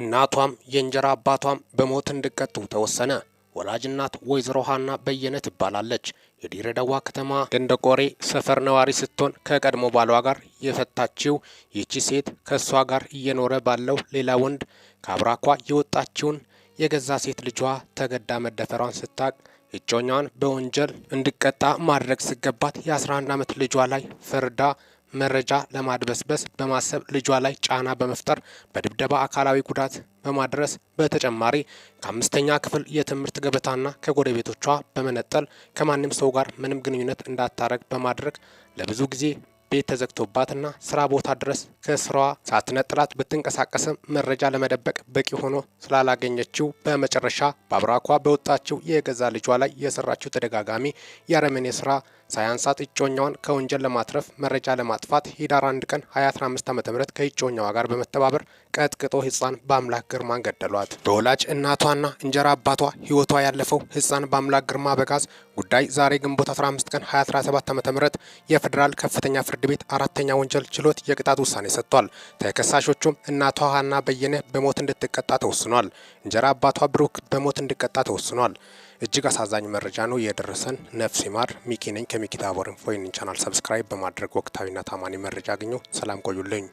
እናቷም የእንጀራ አባቷም በሞት እንዲቀጡ ተወሰነ። ወላጅ እናት ወይዘሮ ሀና በየነ ትባላለች። የድሬዳዋ ከተማ ገንደቆሬ ሰፈር ነዋሪ ስትሆን ከቀድሞ ባሏ ጋር የፈታችው ይቺ ሴት ከእሷ ጋር እየኖረ ባለው ሌላ ወንድ ከአብራኳ የወጣችውን የገዛ ሴት ልጇ ተገዳ መደፈሯን ስታቅ እጮኛዋን በወንጀል እንዲቀጣ ማድረግ ሲገባት የ11 ዓመት ልጇ ላይ ፍርዳ። መረጃ ለማድበስበስ በማሰብ ልጇ ላይ ጫና በመፍጠር በድብደባ አካላዊ ጉዳት በማድረስ በተጨማሪ ከአምስተኛ ክፍል የትምህርት ገበታና ከጎረቤቶቿ በመነጠል ከማንም ሰው ጋር ምንም ግንኙነት እንዳታረግ በማድረግ ለብዙ ጊዜ ቤት ተዘግቶባትና ስራ ቦታ ድረስ ከስራዋ ሳትነጥላት ብትንቀሳቀስም መረጃ ለመደበቅ በቂ ሆኖ ስላላገኘችው በመጨረሻ በአብራኳ በወጣችው የገዛ ልጇ ላይ የሰራችው ተደጋጋሚ የአረመኔ ስራ ሳያንሳት እጮኛዋን ከወንጀል ለማትረፍ መረጃ ለማጥፋት ሂዳር 1 ቀን 2015 ዓ ም ከእጮኛዋ ጋር በመተባበር ቀጥቅጦ ህፃን በአምላክ ግርማ ገደሏት። በወላጅ እናቷና እንጀራ አባቷ ህይወቷ ያለፈው ህፃን በአምላክ ግርማ በጋዝ ጉዳይ ዛሬ ግንቦት 15 ቀን 2017 ዓ.ም የፌዴራል ከፍተኛ ፍርድ ቤት አራተኛ ወንጀል ችሎት የቅጣት ውሳኔ ሰጥቷል። ተከሳሾቹም እናቷ ሀና በየነ በሞት እንድትቀጣ ተወስኗል። እንጀራ አባቷ ብሩክ በሞት እንድቀጣ ተወስኗል። እጅግ አሳዛኝ መረጃ ነው የደረሰን። ነፍስ ይማር። ሚኪ ነኝ ከሚኪታ ታቦር ቻናል ሰብስክራይብ በማድረግ ወቅታዊና ታማኒ መረጃ አግኙ። ሰላም ቆዩልኝ።